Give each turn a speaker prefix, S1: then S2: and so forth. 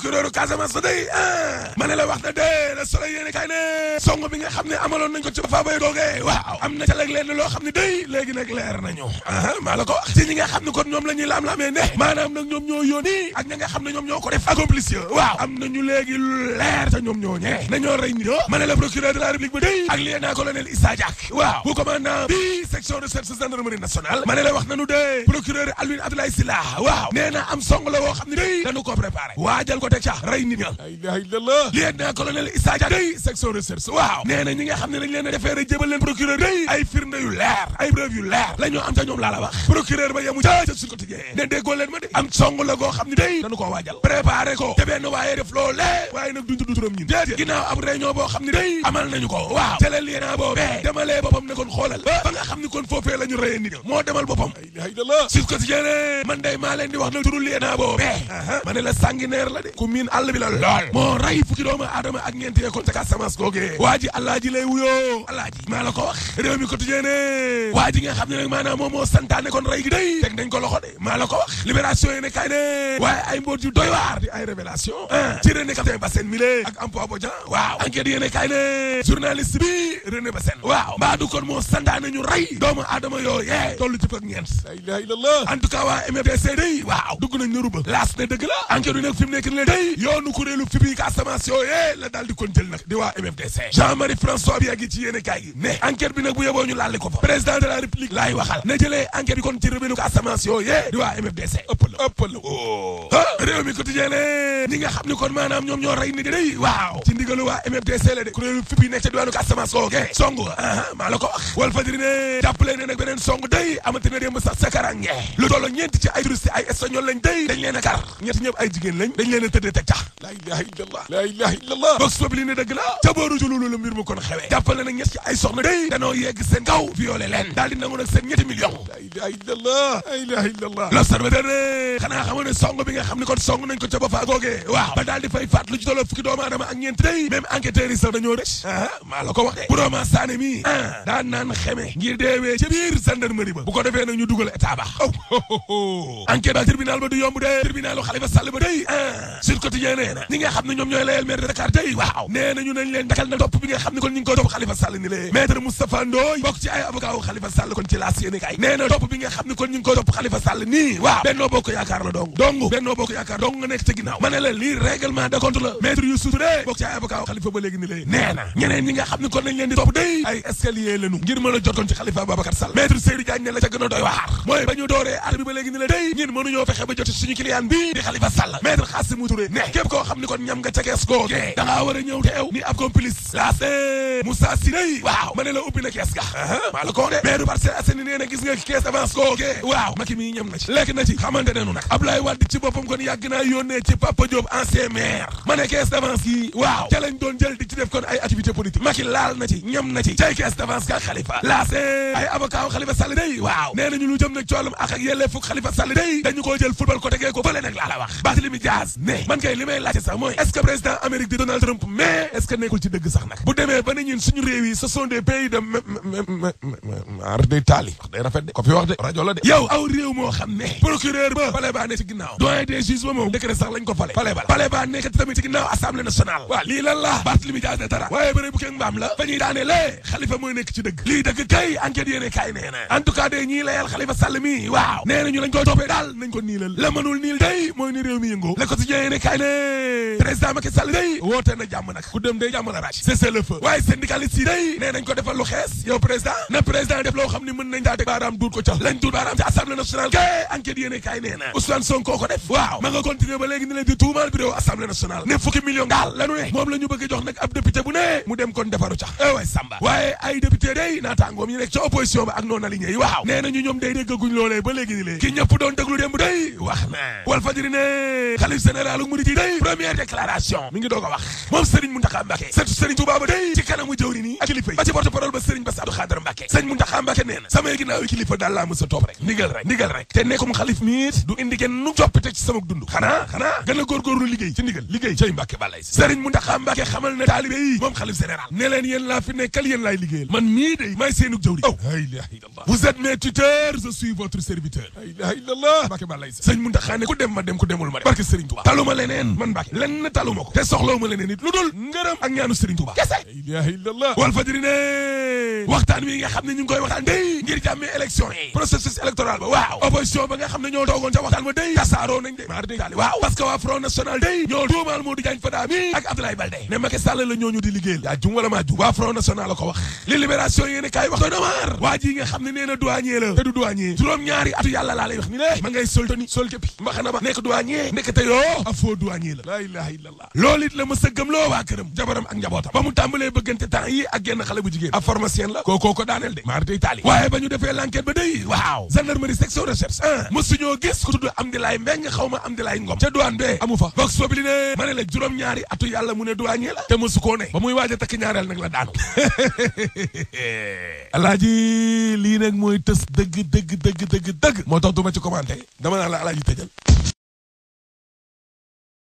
S1: procureur Casamance day ah ma ne la wax na dee la solo ah, la ko wax ci ñi nga xam ne kon ñoom la ñuy laam-laamee ne maanaam nag ñoom ñoo yónni ak ña xam ne ñoom ñoo ko def accomplice waaw am nañu léegi leer ca ñoom ñoo ñee nañoo rey nit ma ne la procureur de la république ba day ak lien colonel Issa waaw bu commandant bi section de service gendarmerie nationale ma ne la wax nañu dee procureur Alioune Abdoulaye Sylla waaw nee na am song la woo xam ne day dañu ko préparé waajal ko teg ca rey nit colonel Issa day section recherche waaw nee ñi nga xam dañ leen a defeere jébal leen procureur day ay firnde yu leer ay preuve yu leer la am ca ñoom laa la wax procureur ba yemu ca ca quotidien ne déggoo leen ma de am song la goo xam day dañu koo waajal préparé ko te benn waaye def loolee waaye nag duñ tudd turam ñin déedéet ab réunion boo xam day amal nañu ko waaw te la lieutenant boobee demalee boppam ne kon xoolal ba nga xam kon foofee la ñu nit ña demal boppam sur quotidien man day maa leen di wax na turu lieutenant boobee ma ne la sanguinaire la de ku miin àll bi la lool moo rey fukki doomu aadama ak ñeenti nekkoon ca Casamance googee waa ji alaaji lay wuyoo alaaji maa la ko wax réew mi quotidien ne waa ji nga xam ne nag maanaam moom moo santaane kon rey gi day teg nañ ko loxo maa la ko wax libération yi ne waaye ay mbóot yu doy di ay révélation ah ci René Capitaine Bassène Milé ak Ampoix Bodian waaw enquête yi ne kay bi René Bassène waaw mbaa du moo santaane ñu rey doomu aadama yoo yee tollu day yoonu kuréelu FIPI Casamance yooyee la daal di kon jël nag di waa MFDC Jean Marie François bi ci yéene kaay gi ne enquête bi bu yeboo ñu laal ko fa président de la république laay waxal na jëlee enquête yi kon ci rébellu Casamance yooyee di waa MFDC ëppal la ëppal la o réew mi quotidien ne ñi nga xam ni kon maanaam ñoom ñoo rey ni di day waaw ci ndigalu waa MFDC la de kuréelu FIPI nekk ca diwaanu Casamance googe song a maa la ko wax a a tëddee teg tax la ilaha illallah la ilaha illallah bos fab li ne dëgg la ca booru jululu la mbir mu kon xewee jàppale nag ñett ci ay soxna day danoo yegg seen kaw violé leen daal di nangu nag seen ñetti million la ilaha illallah la ilaha illallah l'observateur ne xanaa xamoon ne song bi nga xam ne kon song nañ ko ca ba faa googee waaw ba daal di fay faat lu ci toloo fukki doomu aadama ak ñeent day même enquêteurs yi sax dañoo rëcc ah maa la ko waxee bu doomaa saane mi ah daan naan xeme ngir deewee ci biir gendarmerie ba bu ko defee nag ñu dugal état ba enquête ba tribunal ba du yomb de tribunalu Xalifa Sall ba day ah Sud Quotidien nee na xam ne ñoom ñooy layel maire Dakar day waaw nee ñu nañ leen dakal na topp bi nga xam ne day mooy ba ñu dooree at ba léegi ni la day ñin mënuñoo fexe ba joti suñu client bi di Khalifa Sall Touré ne képp koo kon ñam nga da ni ab complice waaw la ubbi na ga la de gis nga avance waaw mi ñam na ci na ci ci kon ci Papa ancien maire yi waaw lañ doon jël di ci def kon ay activité politique laal na ci ñam na ci Khalifa ay avocat Khalifa Sall day waaw lu jëm ci ak ak Khalifa Sall day jël football ko ko fële la wax ne ne man kay li may sax est-ce que président Amérique di Donald Trump mais est-ce que nekkul ci dëgg sax nag bu demee ba ñun suñu réew yi ce sont des pays de ar day taali wax day rafet de ko fi wax de la de yow aw réew moo xam procureur ba fale baa ne ci ginnaaw doyen des juges ba moom décret sax lañ ko fale fale ba fale baa nekk tamit ci ginnaaw assemblée nationale waaw lii lan la li mu ne dara waaye bëri bu kee mbaam la fa ñuy daane lee xalifa nekk ci dëgg lii dëgg kay enquête yéene kaay nee en tout cas de layal waaw ñu lañ ko nañ ko la day ni réew mi la ko yéene kaay ne président Macky Sall day woote na jàmm nag ku dem day jàmm la raaj c'est le feu waaye syndicaliste yi day nee nañ ko defal lu xees yow président na président def loo xam ne mën nañ daa teg baaraam duut ko ca lañ duut baaraam ci assemblée nationale ka enquête yéene kaay nee na Ousmane Sonko def waaw ma nga continuer ba léegi ni leen di tuumaal bureau assemblée nationale ne fukki million daal lanu ne moom la bëgg jox nag ab député bu ne mu wàllu murid première déclaration mi ngi doog a wax moom Serigne Mountakha Mbacké surtout Serigne Touba ba day ci kanamu jëwri nii ak kilifa yi ba ci porte parole ba Serigne Bass Abdou Khadre Mbacké Serigne Mountakha Mbacké nee na samay ginnaaw kilifa daal laa mës a topp rek ndigal rek ndigal rek te nekkum xalif miit du indi genn nu coppite ci sama dund xanaa xanaa gën a góorgóorlu liggéey ci ndigal liggéey cay Mbacké balay Serigne Mountakha Mbacké xamal ne taalibe yi moom xalif général ne leen yéen laa fi nekkal yéen laay liggéeyal man mi day maay seenu jëwri aw oh. la ilaha illallah vous êtes mes tuteurs je suis votre serviteur la ilaha illallah Mbacké balay si Serigne Mountakha ne ku dem ma dem ku demul ma barke Serigne Touba taluma leneen man Mbàkke lenn taluma ko te soxlawuma leneen lu dul ngërëm ak ñaanu Serigne Touba kese la ilaha illallah waxtaan wi nga xam ne ñu eh. toogoon ca waxtaan ba day tasaaroo nañ maar day daali waaw parce ak Abdoulaye Baldé ne Macky Sall la ñooñu di liggéeyal yaa jum wala maa jum waa Front National wax li libération yéene kaay wax doy waa ji nga xam ne nee na te du douanier juróom ñaari atu yàlla laa lay ni ne ma ngay faux douanier la laa ilaha illallah loolu it la ma sa gëm loo waa këram jabaram ak njabootam ba mu tàmbalee bëggante temps yi ak genn xale bu jigéen ab la kookoo ko daaneel de maar day taali waaye ba ñu defee l'enquête ba day waaw gendarmerie section recherche a mosuñoo gis ku tudd am di laay mbeng xaw ma am di laay ngom ca douane bee amu fa vox populi ne la juróom-ñaari atu yàlla mu ne douanier te mosu ba muy waaj a takk ñaareel nag la daanu alaaji lii nag mooy tës dëgg dëgg dëgg dëgg moo tax du ma ci commenté dama naa la alaaji tëjal